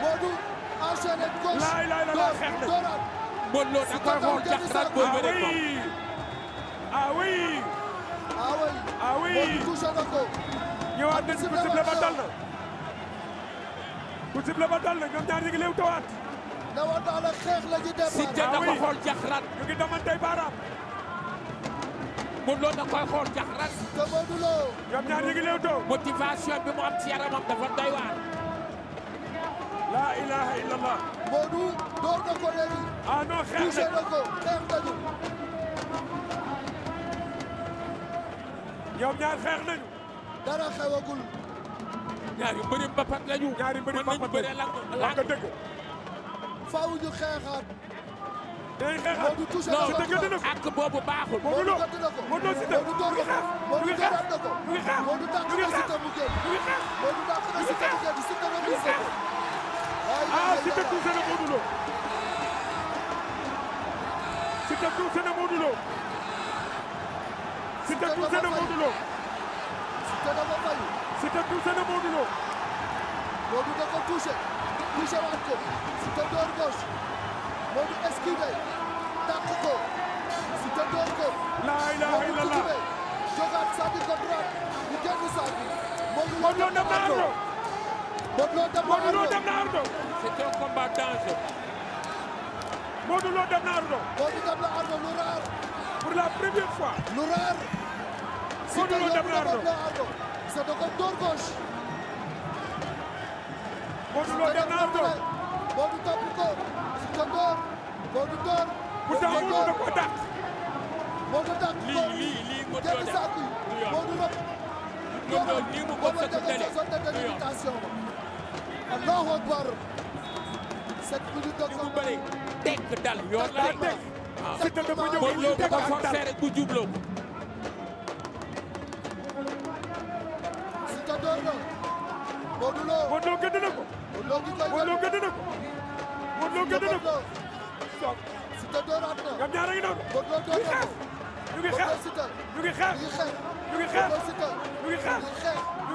Modou enchaîné gauche. laay laay la la xeex de dooraat. Modou Lo da koy xool jaxaraat booy bëree ko. ah oui ah oui. ah oui Modou touché na ko. ñëwaat nañ ku cible ba dal na. ku cible ba dal na ñoom ñaar ñu ngi léew tawaat. dawal daal la xeex la ñu départ. Siteu da ah koy xool jaxaraat. ñu ngi damantey baaraam. Modou Lo da koy xool jaxaraat. te Modou Lo. ñoom ñaar ñu ngi léew taw. motivation bi mu am ci yaramam dafa doy waar. laa ilaha illallah. Modou door na ko léegi. ah non xeex na touché na ko xeex nañu. ñoom ñaar xeex nañu. dara xewagul. ñaari mbëri mbapat lañu. ñaari mbëri mbapat lañu wax nga dëgg. faaw ñu xeexaat. day xeexaat Modou touché na ko Siteu gëdd na ko. ak boobu baaxul. Modou Lo Modou Lo Siteu mu ngi xeex mu ngi xeex mu ngi xeex mu ngi xeex mu ngi xeex mu ngi xeex mu ngi xeex ah Siteu touché na Modou Lo Siteu touché na Modou Lo Siteu touché na Modou Lo Siteu na Modou Lo Modou da ko touché touché waat ko Siteu door gauche Modou esquivé tàq ko Siteu door ko la ilaha illallah jogaat sànni ko droite ñu Modou Lo dem na Ardo. C'était un combat dangereux. Modou Lo dem na Ardo. Modou dem na Ardo lu raar. Pour la première fois. Lu raar. Modou Lo dem na Ardo. Sa da ko door gauche. Modou Lo dem na Ardo. Modou topp ko. Sa door. Modou door. Pourtant Modou da ko dàq. Modou dàq ko. Lii lii lii Modou Lo def. Modou Lo. Modou Lo nii mu ko sottale. Du yoon. Allahu akbar. sept minutes de combat bëri tekk dal yor laa tekk. Siteu dafa ñëw bu ñu tekk ak dal rek bu jubloo ko. Siteu door na. Modou Lo Modou Lo gëdd na ko. Modou Lo gëdd na ko. Modou Lo gëdd na na. ñoom ñaar a ngi noonu. Modou Lo door na ko. ñu ngi xeex ñu ngi xeex ñu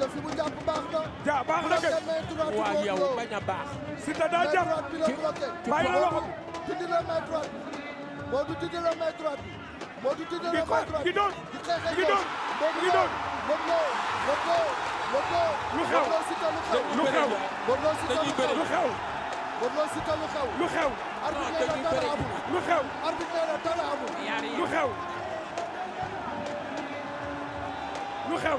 te fi mu jàpp baax na. ja baax na kay waaw yow bañ a baax. si te daa jàpp bàyyi la loxo. titi la main droite bi Modou titi la main droite bi Modou titi la main droite bi di doon di di doon. lu xew lu xew dañuy bëri lu xew. lu xew. lu xew arbitre nee na lu xew arbitre nee na dara amul. lu xew lu xew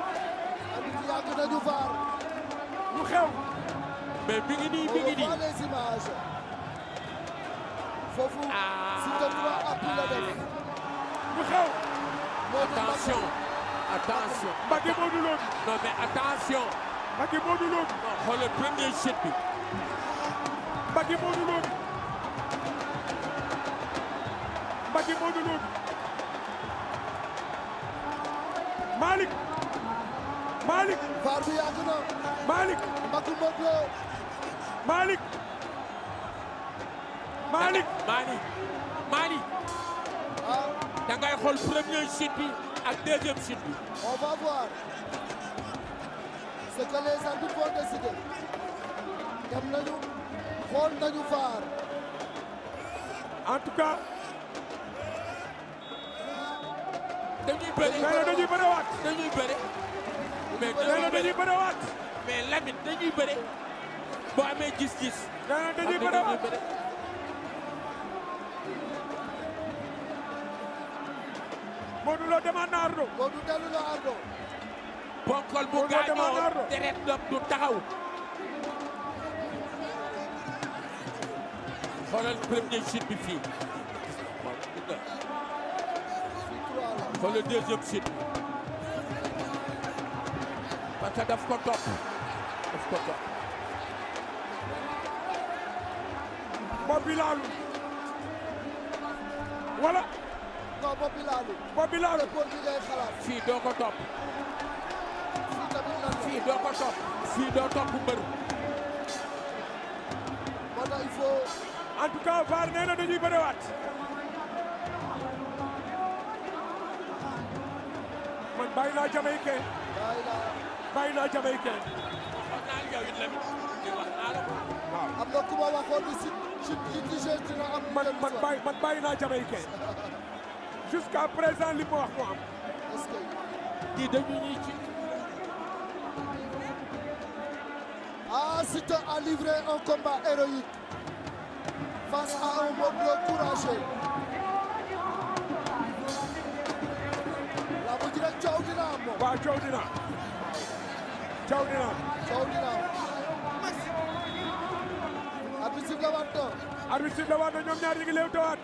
yàgg nañu faar lu xew mais mi ngi nii mi ngi nii on les images foofu ah. Siteu 3 appui la def lu xew attention attention Mbacké Modou Lo non mais attention Mbacké Modou Lo xoolal premier chute bi Mbacké Modou Lo Mbacké Modou Lo Malick Malik Malik, Malik Malik Malik Malik, Malik, Malik Malik Malik premier bi ak deuxième bi on va voir ce que les arbitres vont décider dem nañu en tout cas mais dañuy bëriwaat. mais Lamine dañuy bëri boo amee gis-gis. dañuy bëriwaat Modou Lo taxaw. parce que daf ko topp daf ko laalu wala non boppi laalu laalu pour bi ngay fii doo ko topp fii doo topp fii doo topp mbër moo tax il faut en man bàyyi naa Jamaïcain bàyyi naa jamaïcain waaw am na ku ma waxoon ni si si si dina am. man man bàyyi man bàyyi naa jamaïcain jusqu'à présent li ma wax mu am. est-ce que kii dañu ñuy ci. ah Siteu a livré un combat héroïque face à un Modou Lô courageux. la bu jëlee coow dina am moom. waaw coow dina caw dina am. caw dina am. arbitre sifle waat na. arbitre na ñoom ñaar ñu ngi leew tawaat.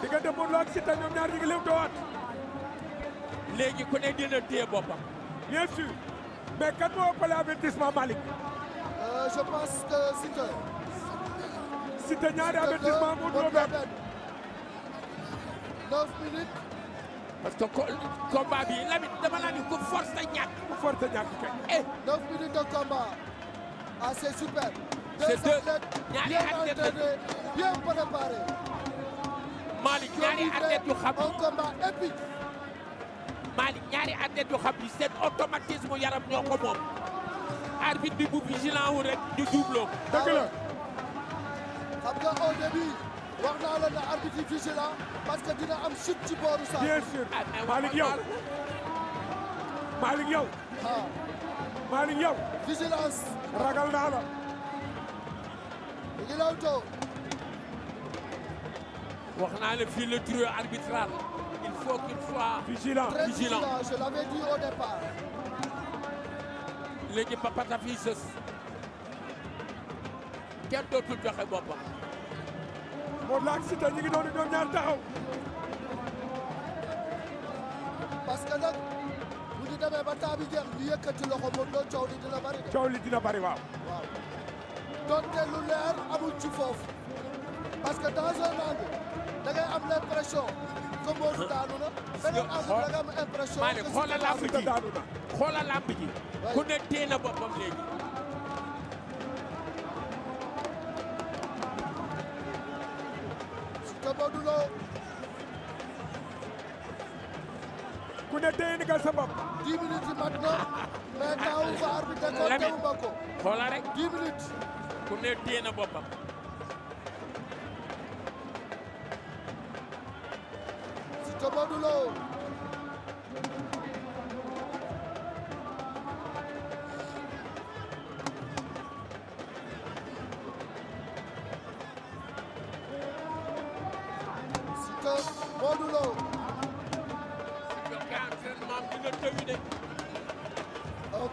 diggante Modou Lo ak Siteu ñoom ñaar ñu ngi leew tawaat. léegi ku ne dina téye boppam. bien sûr mais kan moo ëppale avertissement Malick. Euh, je pense que Siteu. Siteu ñaari benn. parce que combat bi Lamine dama laa ni ku force a ñàkk. force a ñàkk kay. Eh. neuf minutes de combat assez ah, super. c' deux ñaari athlètes bien entraînés bien préparés. Malick ñaari athlètes yu xam un combat épique. Malik ñaari athlètes yu xam ni seen automatisme yaram ñoko mom arbitre bi bu vigilant wu rek du doublo ah dëgg la xam nga au début wax naa la arbitre vigilant parce que dina am chute ci booru saa. bien sûr Malick yow Malick yow. ah yow. vigilance. ragal na la. ñu ngi law too. wax naa le trio arbitral il faut qu'il soit. vigilant très vigilant je l'avais dit au départ. léegi Papa Tafi sës kenn dootul joxe boppam. moo Lo ak Siteu ñu ngi doon ñoom ñaar taxaw. parce que nag bu ba temps bi jeex ñu yëkkati loxo Modou Lo coow li dina bari. waaw. waaw donte lu leer amul ci foofu parce que dans un angle da ngay am l'impression que Modou daanu na. beneen angle da nga am impression que Siteu daanu na. xoolal làmb ji xoolal làmb ji ku ne tee na boppam léegi. digal sa bopp. 10 minutes yi mat na mais taawu fa arbitre ko teewu ma ko. xoolal rek 10 minutes. ku ne téye na boppam. Siteu Modou Lo.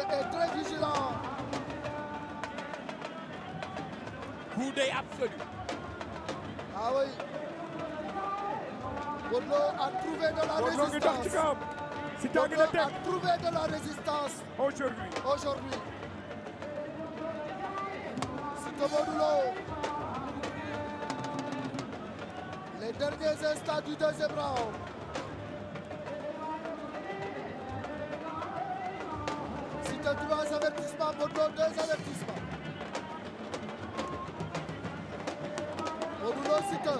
est très vigilant. Goudé absolu. Ah oui. Bolo a trouvé de la C'est résistance. Bolo a trouvé de la résistance. Aujourd'hui. Aujourd'hui. Les derniers instants du deuxième round. O deux, deux avertissements. Au boulot, o un.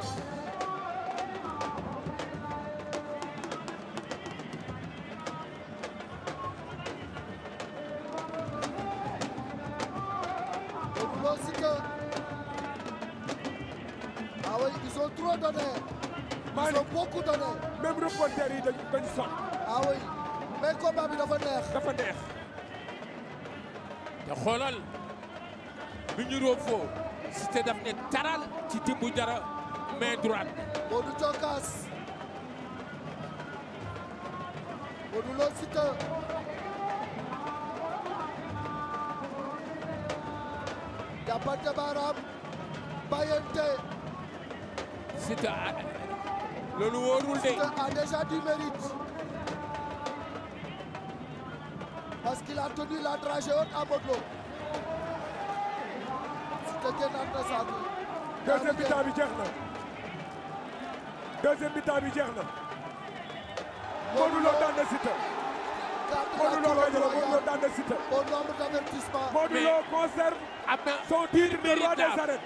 Au boulot, c'est un. Ah oui, ils ont trop donné. Ils ont beaucoup donné. Même le pointeur, il donne une Ah oui. Mais comment il a fait l'air te xoolal bi ñu ci té daf ne taral ci timbu jara main droite Modou Modou Lo ah, a déjà du mérite il a tenu la dragée haute à modulo. C'était su fekkee deuxième mi bi deuxième mi-temps bi jeex Modulo Modou Lo daan na Siteu. Modou conserve son titre de roi des arènes.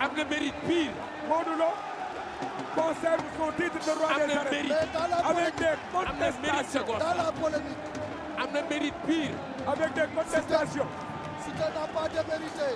am mérite pire. Modulo conserve son titre de roi des arènes. avec des contestations dans la polémique mérite pire. avec des contestations. tu n'as pas de mérité.